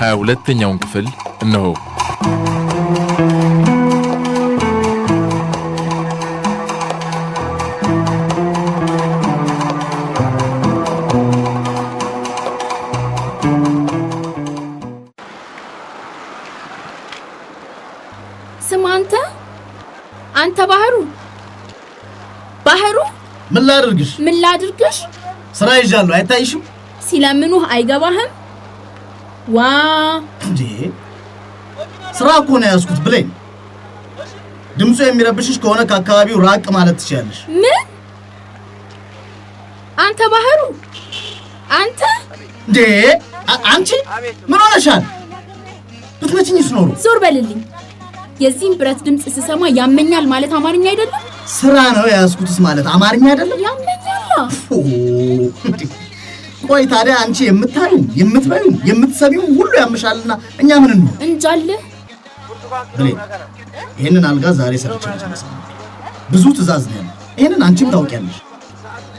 ሃያ ሁለተኛውን ክፍል እነሆ። ስም አንተ አንተ ባህሩ ባህሩ፣ ምን ላድርግሽ? ምን ላድርግሽ? ስራ ይዣለሁ አይታይሽም? ሲለምኑህ አይገባህም? ዋ ስራ እኮ ነው ያዝኩት ብለኝ። ድምፁ የሚረብሽሽ ከሆነ ከአካባቢው ራቅ ማለት ትችላለሽ። ምን አንተ ባህሩ፣ አንተ እንዴ! አንቺ ምን ሆነሻል? ብትመችኝ ስኖሩ ዞር በልልኝ። የዚህም ብረት ድምፅ ስሰማ ያመኛል ማለት አማርኛ አይደለም። ስራ ነው ያዝኩትስ ማለት አማርኛ አይደለም። ያመኛል ቆይ ታዲያ አንቺ የምታዩን የምትበዩን የምትሰሚውን ሁሉ ያምሻልና እኛ ምን ነው እንጃለ። ብሌን ይህንን አልጋ ዛሬ ሰርቼ ብዙ ትእዛዝ ነው ያለው። ይህንን አንቺም ታውቂያለሽ።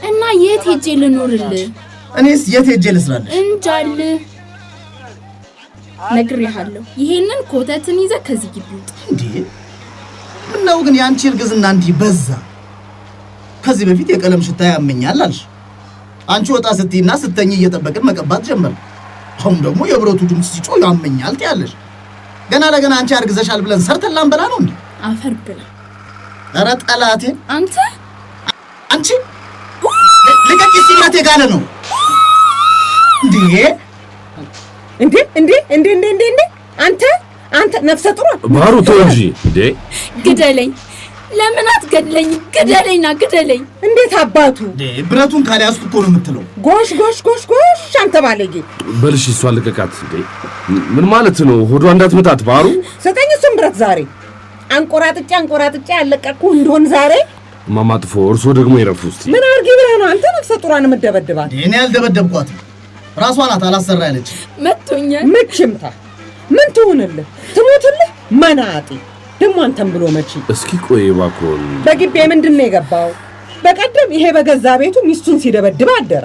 እና የት ሄጄ ልኖርልህ? እኔስ የት ሄጄ ልስራልሽ? እንጃለ። ነግሬሃለሁ። ይሄንን ኮተትን ይዘህ ከዚህ ግቢ ውጣ። እንዴ ምነው ግን የአንቺ እርግዝና እንዲህ በዛ። ከዚህ በፊት የቀለም ሽታ ያመኛል አልሽ። አንቺ ወጣ ስትይና ስተኝ እየጠበቅን መቀባት ጀመር። አሁን ደግሞ የብረቱ ድምፅ ሲጮ ያመኛል ትያለሽ። ገና ለገና አንቺ አርግዘሻል ብለን ሰርተላን ላንበላ ነው እንዴ? አፈር ብላ። ኧረ ጠላቴ! አንተ አንቺ ልቀቂ! ሲጋት የጋለ ነው እንዴ? እንዴ እንዴ እንዴ እንዴ እንዴ! አንተ አንተ ነፍሰ ጥሩ ማሩ ተው እንጂ እንዴ! ግደለኝ ለምን አትገድለኝ? ግደለኝና ግደለኝ። እንዴት አባቱ ብረቱን ካልያዝኩ እኮ ነው የምትለው። ጎሽ ጎሽ ጎሽ ጎሽ፣ አንተ ባለጌ በልሽ። እሷ ልቀቃት። ምን ማለት ነው? ሆዷ እንዳትመታት ባሩ ሰጠኝ። እሱን ብረት ዛሬ አንቆራጥጬ አንቆራጥጬ ያለቀቅኩ እንደሆን ዛሬ ማማጥፎ እርስዎ ደግሞ ይረፉ ውስጥ ምን አርጊ ብለህ ነው አንተ ነፍሰ ጡሯን የምደበድባት? እኔ ያልደበደብኳት ራሷ ናት አላሰራ ያለች መቶኛል። ምችምታ ምን ትሁንልህ? ትሞትልህ መናጤ ደሞ አንተም ብሎ መቼ እስኪ ቆይ ባኮን በግቤ ምንድን ነው የገባው? በቀደም ይሄ በገዛ ቤቱ ሚስቱን ሲደበድብ አደረ።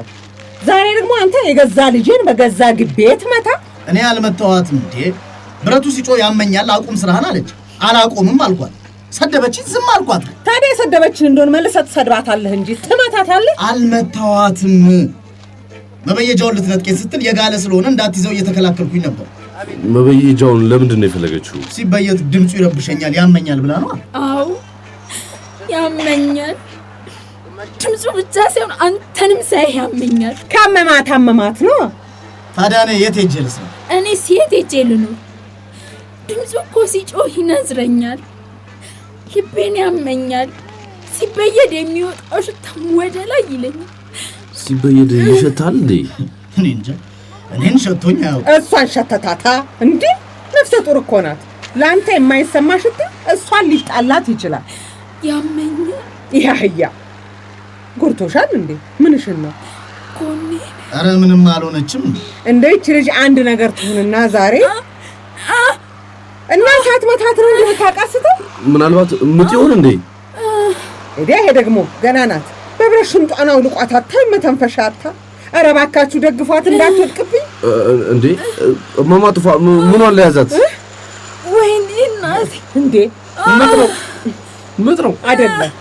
ዛሬ ደግሞ አንተ የገዛ ልጄን በገዛ ግቤ ትመታ። እኔ አልመታዋትም እንዴ ብረቱ ሲጮ ያመኛል አቁም ስራህን አለች። አላቆምም አልኳት። ሰደበችን፣ ዝም አልኳት። ታዲያ የሰደበችን እንደሆን መልሰህ ትሰድባታለህ እንጂ ትመታታለህ። አልመታዋትም። መበየጃውን ልትነጥቄ ስትል የጋለ ስለሆነ እንዳትይዘው እየተከላከልኩኝ ነበር። መበየጃውን ለምንድን ነው የፈለገችው? ሲበየት ድምፁ ይረብሸኛል ያመኛል ብላ ነው። አዎ ያመኛል። ድምፁ ብቻ ሳይሆን አንተንም ሳይ ያመኛል። ካመማት አመማት ነው። ታዲያ እኔ የት ሄጄ ነው? እኔ የት ሄጄ ልኖር? ድምፁ እኮ ሲጮህ ይነዝረኛል፣ ልቤን ያመኛል። ሲበየድ የሚወጣው ሽታም ወደ ላይ ይለኛል። ሲበየድ ይሸታል እንዴ? እኔ እንጃ እኔን ሸቶኝ አያውቅም። እሷን ሸተታታ እንዴ! ነፍሰ ጡር እኮ ናት። ለአንተ የማይሰማ ሽታ እሷን ሊጣላት ይችላል። ያመኝ ያህያ ጉርቶሻል እንዴ? ምንሽን ነው? አረ ምንም አልሆነችም። እንደ ይች ልጅ አንድ ነገር ትሁንና ዛሬ እና ሰዓት መታት ነው እንዴ የምታቃስተው ምናልባት ምጥ ይሆን እንዴ? እንዴ ይሄ ደግሞ ገና ናት። በብረት ሽንጧን አውልቋት አታይም። ኧረ እባካችሁ ደግፏት እንዳትወድቅብኝ። እንዴ እማማ ጥፋ ምኗን ያዛት? ወይኔ እናቴ! እንዴ ምጥ ነው ምጥ ነው አይደለም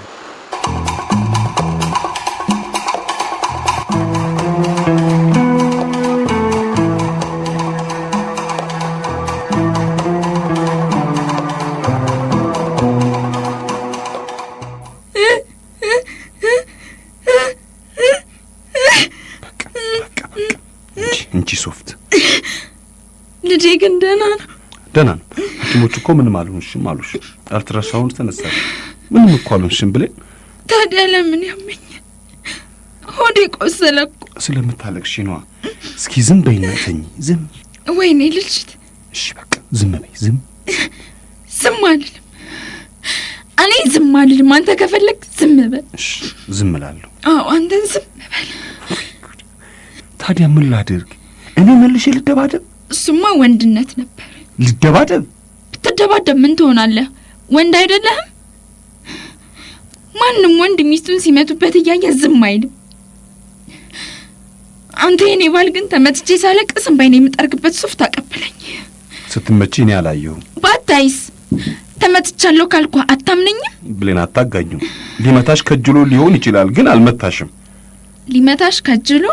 ደህና ነው። ሐኪሞች እኮ ምንም አልሆንሽም አሉሽ። አልትራሳውንድ ተነሳሽ፣ ምንም እኮ አልሆንሽም ብለን። ታዲያ ለምን ያመኝ? ሆዴ ቆሰለ እኮ። ስለምታለቅሽ ነዋ። እስኪ ዝም በይና ተኚ። ዝም ወይኔ ልጅት። እሺ በቃ ዝም በይ። ዝም ዝም አልልም እኔ ዝም አልልም። አንተ ከፈለግ ዝም በል። ዝም እላለሁ። አዎ አንተን ዝም በል። ታዲያ ምን ላድርግ? እኔ መልሼ ልደባደብ? እሱማ ወንድነት ነበር። ልደባደብ? ብትደባደብ ምን ትሆናለህ? ወንድ አይደለህም? ማንም ወንድ ሚስቱን ሲመቱበት እያየ ዝም አይልም። አንተ የኔ ባል ግን ተመትቼ ሳለቅስ እምባዬን የምጠርግበት ሱፍ ታቀበለኝ። ስትመጪ እኔ አላየሁም። ባታይስ? ተመትቻለሁ ካልኳ አታምነኝም? ብሌን አታጋኙ። ሊመታሽ ከጅሎ ሊሆን ይችላል፣ ግን አልመታሽም። ሊመታሽ ከጅሎ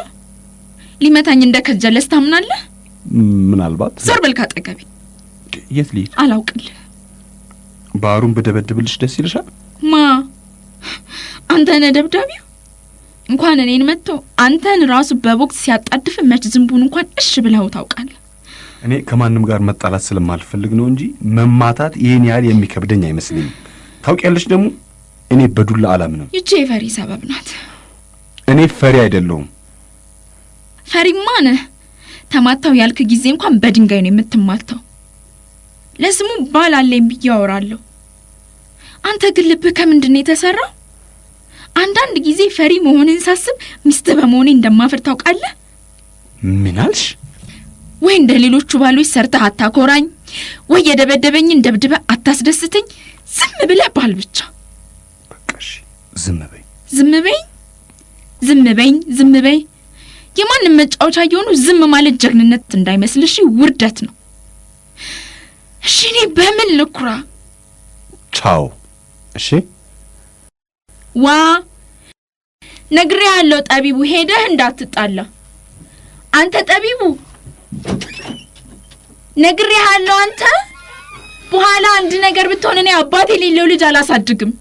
ሊመታኝ እንደ ከጀለስ ታምናለህ? ምናልባት ዞር በልካ ካጠገቤ የት ልሂድ? አላውቅልህ። ባህሩን በደበድብልሽ ደስ ይልሻል? ማ አንተ ነህ እንኳን እኔን መጥቶ አንተን ራሱ በቦክስ ሲያጣድፍ መች ዝንቡን እንኳን እሽ ብለው ታውቃለህ? እኔ ከማንም ጋር መጣላት ስለማልፈልግ ነው እንጂ መማታት ይህን ያህል የሚከብደኝ አይመስለኝም። ታውቂያለሽ ደግሞ እኔ በዱላ አላምንም። ይቺ የፈሪ ሰበብ ናት። እኔ ፈሪ አይደለሁም። ፈሪማ ነህ። ተማታው ያልክ ጊዜ እንኳን በድንጋይ ነው የምትማልተው። ለስሙ ባል አለኝ ብዬ አወራለሁ። አንተ ግን ልብህ ከምንድን ነው የተሰራው? አንዳንድ ጊዜ ፈሪ መሆንን ሳስብ ሚስት በመሆኔ እንደማፍር ታውቃለህ። ምን አልሽ? ወይ እንደ ሌሎቹ ባሎች ሰርተህ አታኮራኝ፣ ወይ የደበደበኝን ደብድበ አታስደስተኝ። ዝም ብለህ ባል ብቻ በቃሽ። ዝም በይ፣ ዝም በይ፣ ዝም በይ፣ ዝም በይ። የማንም መጫወቻ የሆኑ ዝም ማለት ጀግንነት እንዳይመስልሽ ውርደት ነው። እሺ እኔ በምን ልኩራ? ቻው። እሺ ዋ ነግሬ ያለው ጠቢቡ ሄደህ እንዳትጣላ። አንተ ጠቢቡ ነግሬ ያለው አንተ በኋላ አንድ ነገር ብትሆን እኔ አባት የሌለው ልጅ አላሳድግም።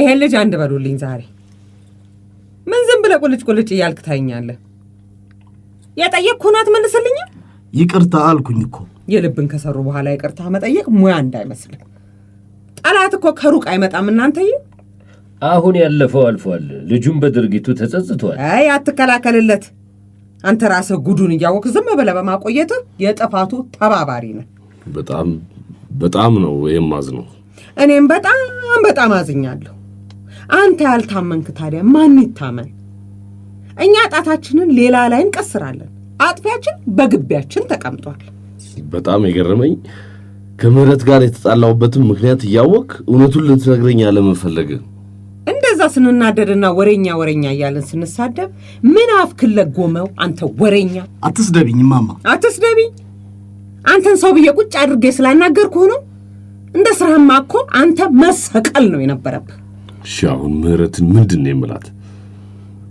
ይሄን ልጅ አንድ በሉልኝ ዛሬ። ምን ዝም ብለህ ቁልጭ ቁልጭ እያልክ ታይኛለህ? የጠየቅኩህን አትመልስልኝም? ይቅርታ አልኩኝ እኮ። የልብን ከሰሩ በኋላ ይቅርታ መጠየቅ ሙያ እንዳይመስልህ። ጠላት እኮ ከሩቅ አይመጣም። እናንተዬ አሁን ያለፈው አልፏል። ልጁም በድርጊቱ ተጸጽቷል። አይ አትከላከልለት። አንተ ራስህ ጉዱን እያወቅ ዝም ብለህ በማቆየትህ የጥፋቱ ተባባሪ ነህ። በጣም በጣም ነው የማዝነው። እኔም በጣም በጣም አዝኛለሁ። አንተ ያልታመንክ ታዲያ ማን ይታመን? እኛ ጣታችንን ሌላ ላይ እንቀስራለን። አጥፊያችን በግቢያችን ተቀምጧል። በጣም የገረመኝ ከምህረት ጋር የተጣላሁበትም ምክንያት እያወቅ እውነቱን ልትነግረኝ አለመፈለግ። እንደዛ ስንናደድና ወሬኛ ወሬኛ እያለን ስንሳደብ ምን አፍ ክለጎመው አንተ ወሬኛ። አትስደብኝ ማማ፣ አትስደብኝ። አንተን ሰው ብዬ ቁጭ አድርጌ ስላናገርኩ ነው። እንደ ስራህማ እኮ አንተ መሰቀል ነው የነበረብህ። እሺ አሁን ምህረትን ምንድን ነው የምላት?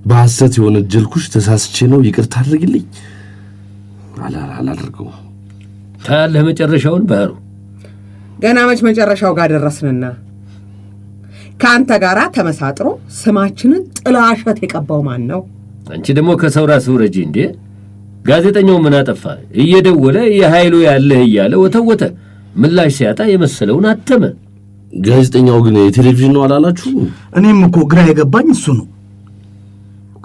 በሐሰት ጀልኩሽ ተሳስቼ ነው፣ ይቅርታ አድርግልኝ። አላደርገው ታያለህ፣ መጨረሻውን ባህሩ። ገና መች መጨረሻው ጋር ደረስንና ከአንተ ጋር ተመሳጥሮ ስማችንን ጥላሸት የቀባው ማን ነው? አንቺ ደግሞ ከሰው ራስ ውረጂ እንዴ! ጋዜጠኛው ምን አጠፋ? እየደወለ የኃይሉ ያለህ እያለ ወተወተ። ምላሽ ሲያጣ የመሰለውን አተመ። ጋዜጠኛው ግን የቴሌቪዥን ነው አላላችሁ? እኔም እኮ ግራ የገባኝ እሱ ነው።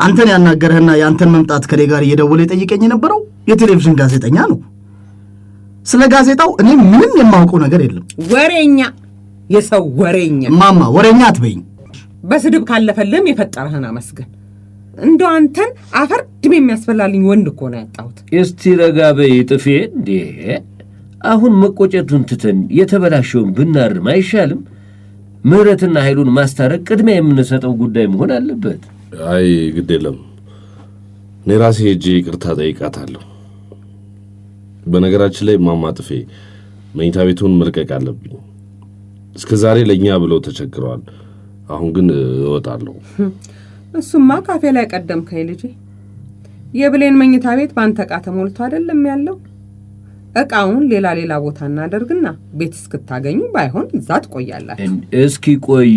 አንተን ያናገረህና የአንተን መምጣት ከኔ ጋር እየደወለ የጠይቀኝ የነበረው የቴሌቪዥን ጋዜጠኛ ነው። ስለ ጋዜጣው እኔ ምንም የማውቀው ነገር የለም። ወሬኛ፣ የሰው ወሬኛ። ማማ ወሬኛ አትበይኝ። በስድብ ካለፈልህም የፈጠረህን አመስገን። እንደ አንተን አፈር ድሜ የሚያስፈላልኝ ወንድ እኮ ነው ያጣሁት። እስቲ ረጋ በይ ጥፌ። እንዴ አሁን መቆጨቱን ትተን የተበላሸውን ብናርም አይሻልም? ምህረትና ኃይሉን ማስታረቅ ቅድሚያ የምንሰጠው ጉዳይ መሆን አለበት። አይ ግድ የለም እኔ ራሴ ሄጄ ይቅርታ ጠይቃታለሁ። በነገራችን ላይ ማማጥፌ መኝታ ቤቱን መልቀቅ አለብኝ። እስከ ዛሬ ለእኛ ብለው ተቸግረዋል። አሁን ግን እወጣለሁ። እሱማ ካፌ ላይ ቀደምከኝ ልጄ። የብሌን መኝታ ቤት በአንተ ዕቃ ተሞልቶ አይደለም ያለው እቃውን ሌላ ሌላ ቦታ እናደርግና ቤት እስክታገኙ ባይሆን እዛ ትቆያላችሁ። እስኪ ቆይ።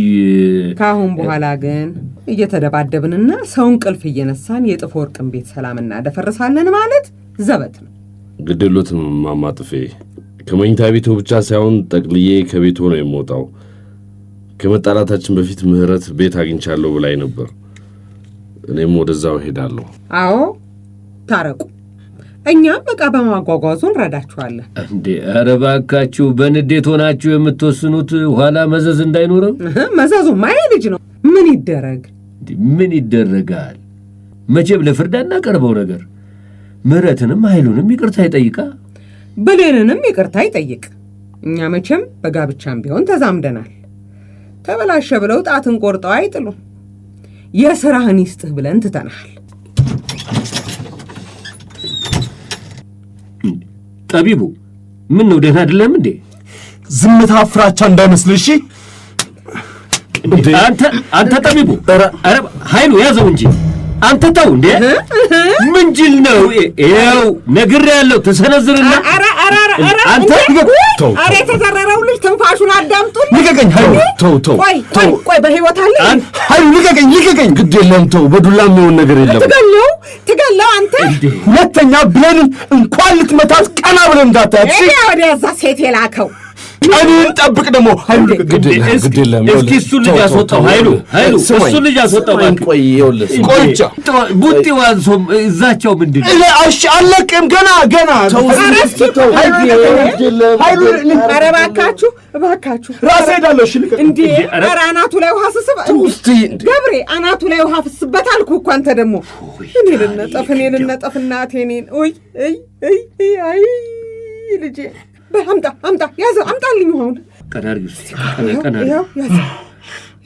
ከአሁን በኋላ ግን እየተደባደብንና ሰው እንቅልፍ እየነሳን የጥፎ ወርቅን ቤት ሰላም እናደፈርሳለን ማለት ዘበት ነው። ግድሉትም እማማ ጥፌ ከመኝታ ቤቱ ብቻ ሳይሆን ጠቅልዬ ከቤቱ ነው የምወጣው። ከመጣላታችን በፊት ምህረት ቤት አግኝቻለሁ ብላኝ ነበር። እኔም ወደዛው ሄዳለሁ። አዎ ታረቁ። እኛም በቃ በማጓጓዙ እንረዳችኋለን። እንዴ ኧረ እባካችሁ በንዴት ሆናችሁ የምትወስኑት ኋላ መዘዝ እንዳይኖረው። መዘዙ ማየ ልጅ ነው። ምን ይደረግ ምን ይደረጋል? መቼም ለፍርድ አናቀርበው ነገር ምሕረትንም ኃይሉንም ይቅርታ ይጠይቃ ብሌንንም ይቅርታ ይጠይቅ። እኛ መቼም በጋብቻም ቢሆን ተዛምደናል። ተበላሸ ብለው ጣትን ቆርጠው አይጥሉ። የሥራህን ይስጥህ ብለን ትተናል። ጠቢቡ ምን ነው ደህና አይደለም እንዴ? ዝምታ ፍራቻ እንዳይመስል እሺ። አንተ አንተ ጠቢቡ፣ ኧረ ኃይሉ ያዘው እንጂ አንተ ተው እንዴ! ምን ጅል ነው ይኸው ነግሬያለሁ። ተሰነዝርና ኧረ የተዘረረው ልጅ ትንፋሹን አዳምጡልኝ። ልቀቀኝ ሀይሉ፣ ተው ተው፣ ቆይ ቆይ፣ በህይወት አለ ሀይሉ። ልቀቀኝ ልቀቀኝ፣ ግድ የለም ተው። በዱላ የሚሆን ነገር የለም። ትገለው ትገለው አንተ። ሁለተኛ ብሌንን እንኳን ልትመታት ቀና ብለን እንዳታያት ወዲያ ሴት የላከው ቀንን ጠብቅ ደግሞ ኃይሉ እስኪ እሱ ልጅ አስወጣው። ኃይሉ ኃይሉ እሱ ልጅ አስወጣው። ቆይቻ ቡጢ ዋንሶም እዛቸው ምንድን ነው? አለቅም ገና ገና ኃይሉ ኧረ እባካችሁ እባካችሁ ራሴ ሄዳለሁ። እንዴ! ኧረ አናቱ ላይ ውሃ ስስብ ገብሬ፣ አናቱ ላይ ውሃ ፍስበት አልኩ እኮ አንተ ደግሞ እኔ ልነጠፍ እኔ ልነጠፍ እናቴ እኔን ይ ይ ይ አይ ልጄ አምጣ አምጣ ያዘ አምጣልኝ። አሁን ቀዳር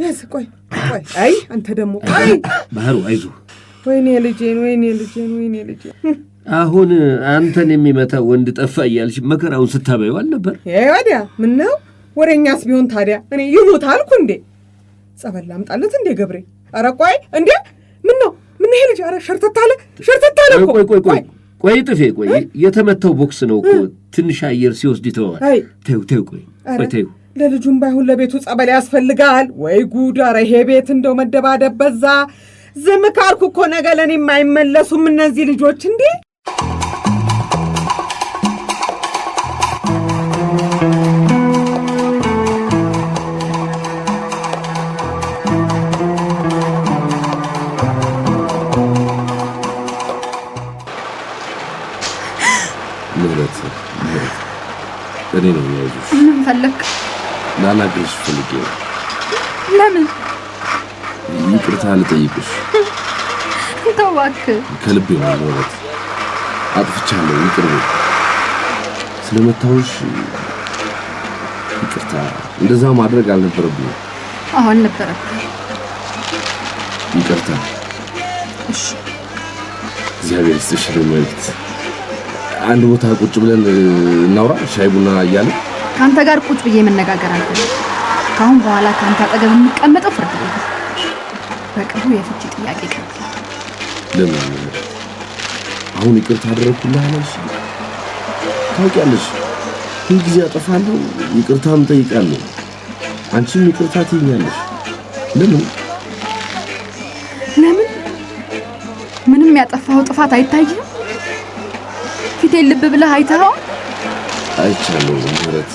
ያዘ። ቆይ ቆይ፣ አይ አንተ ደግሞ አይ ባህሩ፣ አይዞህ። ወይኔ ልጄን፣ ወይኔ ልጄን፣ ወይኔ ልጄን። አሁን አንተን የሚመታ ወንድ ጠፋ እያልሽ መከራውን ስታበዩ አልነበር? ወዲያ ምነው ወሬኛስ ቢሆን ታዲያ እኔ ይሞት አልኩ እንዴ? ጸበል ላምጣለት እንዴ ገብሬ? አረ ቆይ እንዴ! ምን ነው ምን ይሄ ልጅ? አረ ሸርተታለ፣ ሸርተታለ። ቆይ ቆይ ቆይ ቆይ ጥፌ፣ ቆይ የተመታው ቦክስ ነው እኮ ትንሽ አየር ሲወስድ ይተዋል። ተይው ተይው፣ ቆይ ተይው። ለልጁም ባይሆን ለቤቱ ጸበል ያስፈልጋል። ወይ ጉድ! ኧረ ይሄ ቤት እንደው መደባደብ በዛ። ዝም ካልኩ እኮ ነገ የማይመለሱም እነዚህ ልጆች እንዴ እኔ ነው የሚያዙሽ። ምን ፈለክ? ላናግርሽ ፈልጌ ነው። ለምን? ይቅርታ ልጠይቅሽ። ተው እባክህ። ከልቤ ነው ማለት አጥፍቻለሁ፣ ይቅር በይ። ስለመታውሽ ይቅርታ። እንደዛ ማድረግ አልነበረብኝም። አሁን ነበረ። ይቅርታ። እሺ። እግዚአብሔር ይስጥሽ ነው አንድ ቦታ ቁጭ ብለን እናውራ፣ ሻይ ቡና እያለ ከአንተ ጋር ቁጭ ብዬ መነጋገር አልፈልግም። ከአሁን በኋላ ከአንተ አጠገብ የምቀመጠው ፍርድ ቤት። በቅርቡ የፍቺ ጥያቄ ቀርብ። ለምን አሁን ይቅርታ አደረግኩልህ አላልሽ? ታውቂያለሽ፣ ጊዜ አጠፋለሁ፣ ይቅርታም ጠይቃለሁ፣ አንቺም ይቅርታ ትይኛለሽ። ለምን ለምን ምንም ያጠፋው ጥፋት አይታይም? ፊቴን ልብ ብለህ አይተኸው? አይቻለሁ ምህረት፣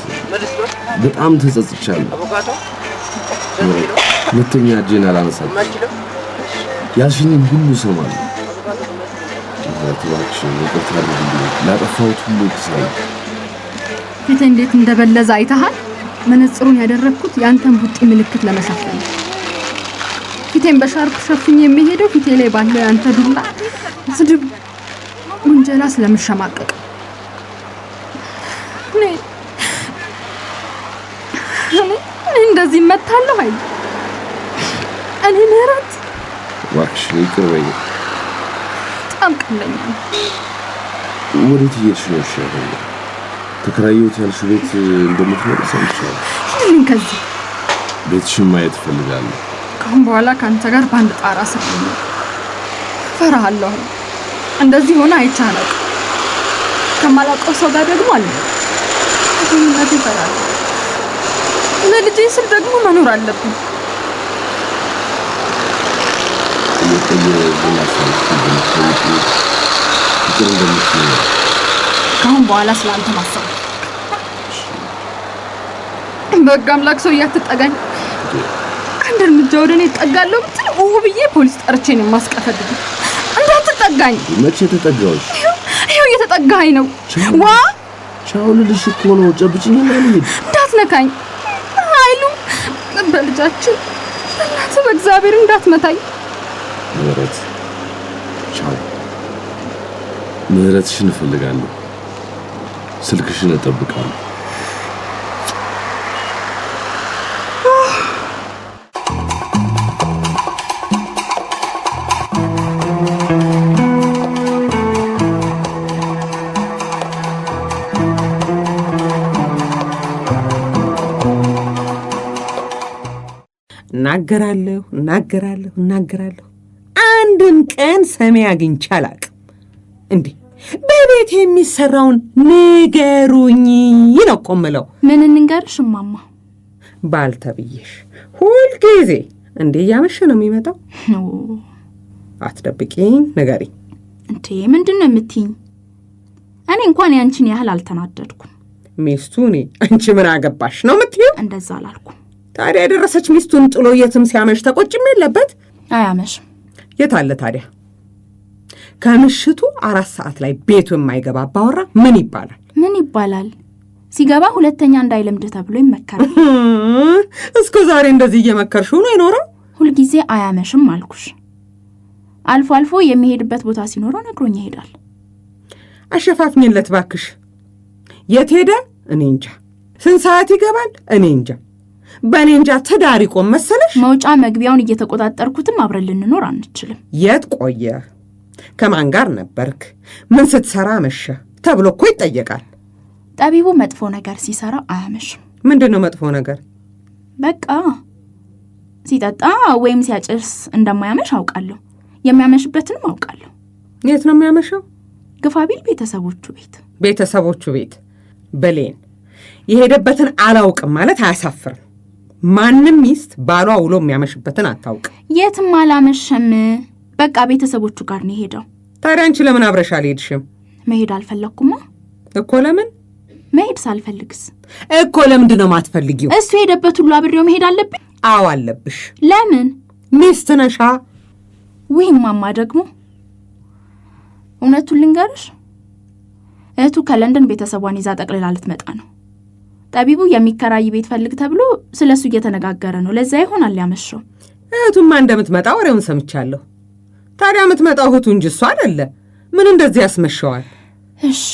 በጣም ተጸጽቻለሁ። ሁለተኛ እጄን አላነሳት። ያልሽኝን ሁሉ እሰማለሁ። ምህረት እባክሽን ይቅርታ አድርጊልኝ፣ ላጠፋሁት ሁሉ ክሳለሁ። ፊቴ እንዴት እንደበለዘ አይተሃል? መነጽሩን ያደረግኩት የአንተን ቡጢ ምልክት ለመሸፈን ፊቴን በሻርፕ ሸፍኝ የሚሄደው ፊቴ ላይ ባለው የአንተ ዱላ ስድብ ውንጀላ ስለምሸማቀቅ እንደዚህ መታለሁ። አይ እኔ ምህረት እባክሽ ይቅር በይ። በጣም ቀለኛ ወዴት እየሄድሽ ነው? እሺ ያለ ተከራየሁት ያልሽው ቤት እንደምትመጣ ሰምቻለሁ። ምን ከዚህ ቤትሽን ማየት እፈልጋለሁ። ከአሁን በኋላ ከአንተ ጋር በአንድ ጣራ ስር ፈራሃለሁ። እንደዚህ ሆነ አይቼ አላውቅም። ከማላውቀው ሰው ጋር ደግሞ አለ ምነት ይፈራል። ለልጄ ስል ደግሞ መኖር አለብኝ። ከአሁን በኋላ ስለአንተ ማሰብ በሕግ አምላክ ሰው እያትጠጋኝ አንድ እርምጃ ወደ እኔ ይጠጋለሁ ብትል ውብዬ ፖሊስ ጠርቼ ነው የማስቀፈልግ ተጠጋኝ። መቼ ተጠጋሁሽ? ይኸው እየተጠጋኝ ነው። ዋ ቻው ልልሽ እኮ ነው። ጨብጭኝ እና ልሂድ። እንዳትነካኝ ኃይሉ፣ በልጃችን በእናትህ በእግዚአብሔር እንዳትመታኝ። ምህረት፣ ቻው። ምህረትሽን እፈልጋለሁ። ስልክሽን እጠብቃለሁ። እናገራለሁ እናገራለሁ እናገራለሁ። አንድን ቀን ሰሜ አግኝቼ አላቅም። እንዲህ በቤት የሚሰራውን ንገሩኝ ነው እኮ ምን እንንገርሽ እማማ? ባል ተብዬሽ ሁልጊዜ እንዴ እያመሸ ነው የሚመጣው። አትደብቂኝ፣ ንገሪኝ። እንዴ ምንድን ነው የምትይኝ? እኔ እንኳን ያንቺን ያህል አልተናደድኩም። ሚስቱ እኔ አንቺ ምን አገባሽ ነው የምትይው? እንደዛ አላልኩም ታዲያ የደረሰች ሚስቱን ጥሎ የትም ሲያመሽ ተቆጭም የለበት። አያመሽ? የት አለ ታዲያ? ከምሽቱ አራት ሰዓት ላይ ቤቱ የማይገባ አባወራ ምን ይባላል? ምን ይባላል? ሲገባ ሁለተኛ እንዳይለምድ ተብሎ ይመከራል። እስከ ዛሬ እንደዚህ እየመከርሽው ነው አይኖረው ሁልጊዜ አያመሽም አልኩሽ። አልፎ አልፎ የሚሄድበት ቦታ ሲኖረው ነግሮኝ ይሄዳል። አሸፋፍኝለት ባክሽ? የት ሄደ? እኔ እንጃ። ስንት ሰዓት ይገባል? እኔ እንጃ። በእኔ እንጃ ትዳር ይቆም መሰለሽ። መውጫ መግቢያውን እየተቆጣጠርኩትም አብረን ልንኖር አንችልም። የት ቆየ፣ ከማን ጋር ነበርክ፣ ምን ስትሰራ መሸ ተብሎ እኮ ይጠየቃል። ጠቢቡ መጥፎ ነገር ሲሰራ አያመሽም። ምንድን ነው መጥፎ ነገር? በቃ ሲጠጣ ወይም ሲያጭስ እንደማያመሽ አውቃለሁ። የሚያመሽበትንም አውቃለሁ። የት ነው የሚያመሸው? ግፋቢል ቤተሰቦቹ ቤት ቤተሰቦቹ ቤት ብሌን የሄደበትን አላውቅም ማለት አያሳፍርም። ማንም ሚስት ባሏ ውሎ የሚያመሽበትን አታውቅ። የትም አላመሸም። በቃ ቤተሰቦቹ ጋር ነው የሄደው። ታዲያ አንቺ ለምን አብረሽ አልሄድሽም? መሄድ አልፈለግኩማ እኮ። ለምን መሄድ ሳልፈልግስ እኮ ለምንድን ነው ማትፈልጊው? እሱ የሄደበት ሁሉ አብሬው መሄድ አለብኝ? አዎ አለብሽ። ለምን? ሚስት ነሻ። ውይም ማማ ደግሞ እውነቱን ልንገርሽ፣ እህቱ ከለንደን ቤተሰቧን ይዛ ጠቅልላ ልትመጣ ነው። ጠቢቡ የሚከራይ ቤት ፈልግ ተብሎ ስለ እሱ እየተነጋገረ ነው። ለዛ ይሆናል ያመሸው። እህቱማ እንደምትመጣ ወሬውን ሰምቻለሁ። ታዲያ የምትመጣው እህቱ እንጂ እሱ አይደለ። ምን እንደዚህ ያስመሸዋል? እሺ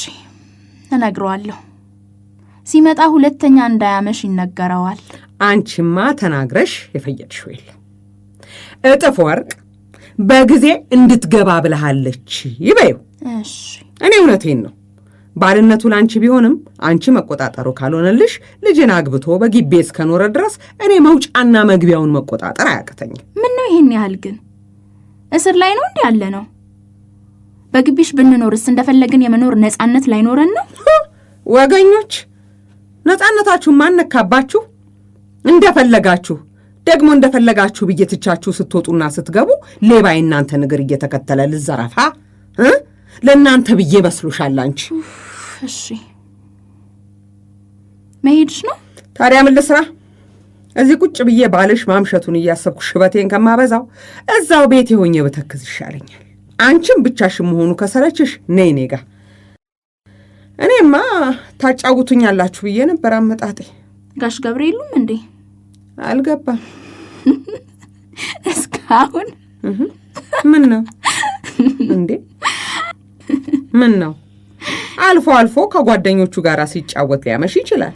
እነግረዋለሁ። ሲመጣ ሁለተኛ እንዳያመሽ ይነገረዋል። አንቺማ ተናግረሽ የፈየድሽው የለም። እጥፍ ወርቅ በጊዜ እንድትገባ ብለሃለች ይበዩ። እኔ እውነቴን ነው ባልነቱ ላንቺ ቢሆንም አንቺ መቆጣጠሩ ካልሆነልሽ ልጅን አግብቶ በግቤ እስከኖረ ድረስ እኔ መውጫና መግቢያውን መቆጣጠር አያቅተኝም። ምን ነው ይሄን ያህል ግን እስር ላይ ነው እንዲህ ያለ ነው። በግቢሽ ብንኖርስ እንደፈለግን የመኖር ነፃነት ላይኖረን ነው? ወገኞች ነፃነታችሁ ማነካባችሁ? እንደፈለጋችሁ ደግሞ እንደፈለጋችሁ ብዬ ትቻችሁ ስትወጡና ስትገቡ ሌባ የእናንተን እግር እየተከተለ ልዘረፋ ለእናንተ ብዬ በስሉሻል። አንቺ እሺ፣ መሄድሽ ነው ታዲያ። ምን ልስራ? እዚህ ቁጭ ብዬ ባልሽ ማምሸቱን እያሰብኩ ሽበቴን ከማበዛው እዛው ቤት የሆኜ ብተክዝ ይሻለኛል። አንቺም ብቻሽን መሆኑ ከሰለችሽ ነይ እኔ ጋ። እኔማ ታጫውቱኛላችሁ ብዬ ነበር አመጣጤ። ጋሽ ገብሬ የሉም እንዴ? አልገባም እስካሁን። ምን ነው እንዴ? ምን ነው አልፎ አልፎ ከጓደኞቹ ጋር ሲጫወት ሊያመሽ ይችላል።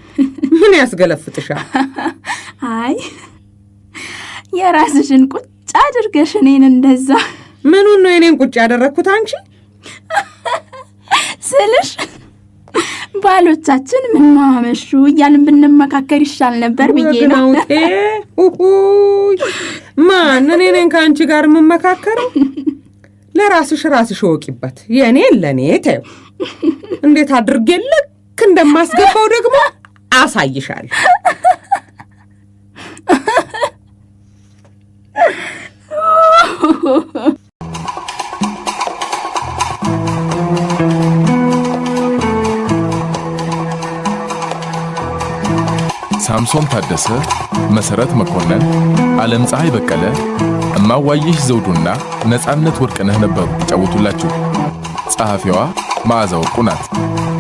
ምን ያስገለፍጥሻል? አይ የራስሽን ቁጭ አድርገሽ እኔን እንደዛ። ምኑን ነው የኔን ቁጭ ያደረግኩት? አንቺ ስልሽ ባሎቻችን ምን እያልን ብንመካከር ይሻል ነበር ብዬ ነው። ማን እኔ ነኝ ከአንቺ ጋር የምመካከረው? ለራስሽ ራስሽ ወቂበት። የእኔን ለእኔ ተ እንዴት አድርጌ ልክ እንደማስገባው ደግሞ አሳይሻለሁ። ሳምሶን ታደሰ፣ መሠረት መኮንን፣ ዓለም ፀሐይ በቀለ፣ እማዋይሽ ዘውዱና ነፃነት ወርቅነህ ነበሩ ይጫወቱላችሁ። ጸሐፊዋ መዓዛ ወርቁ ናት።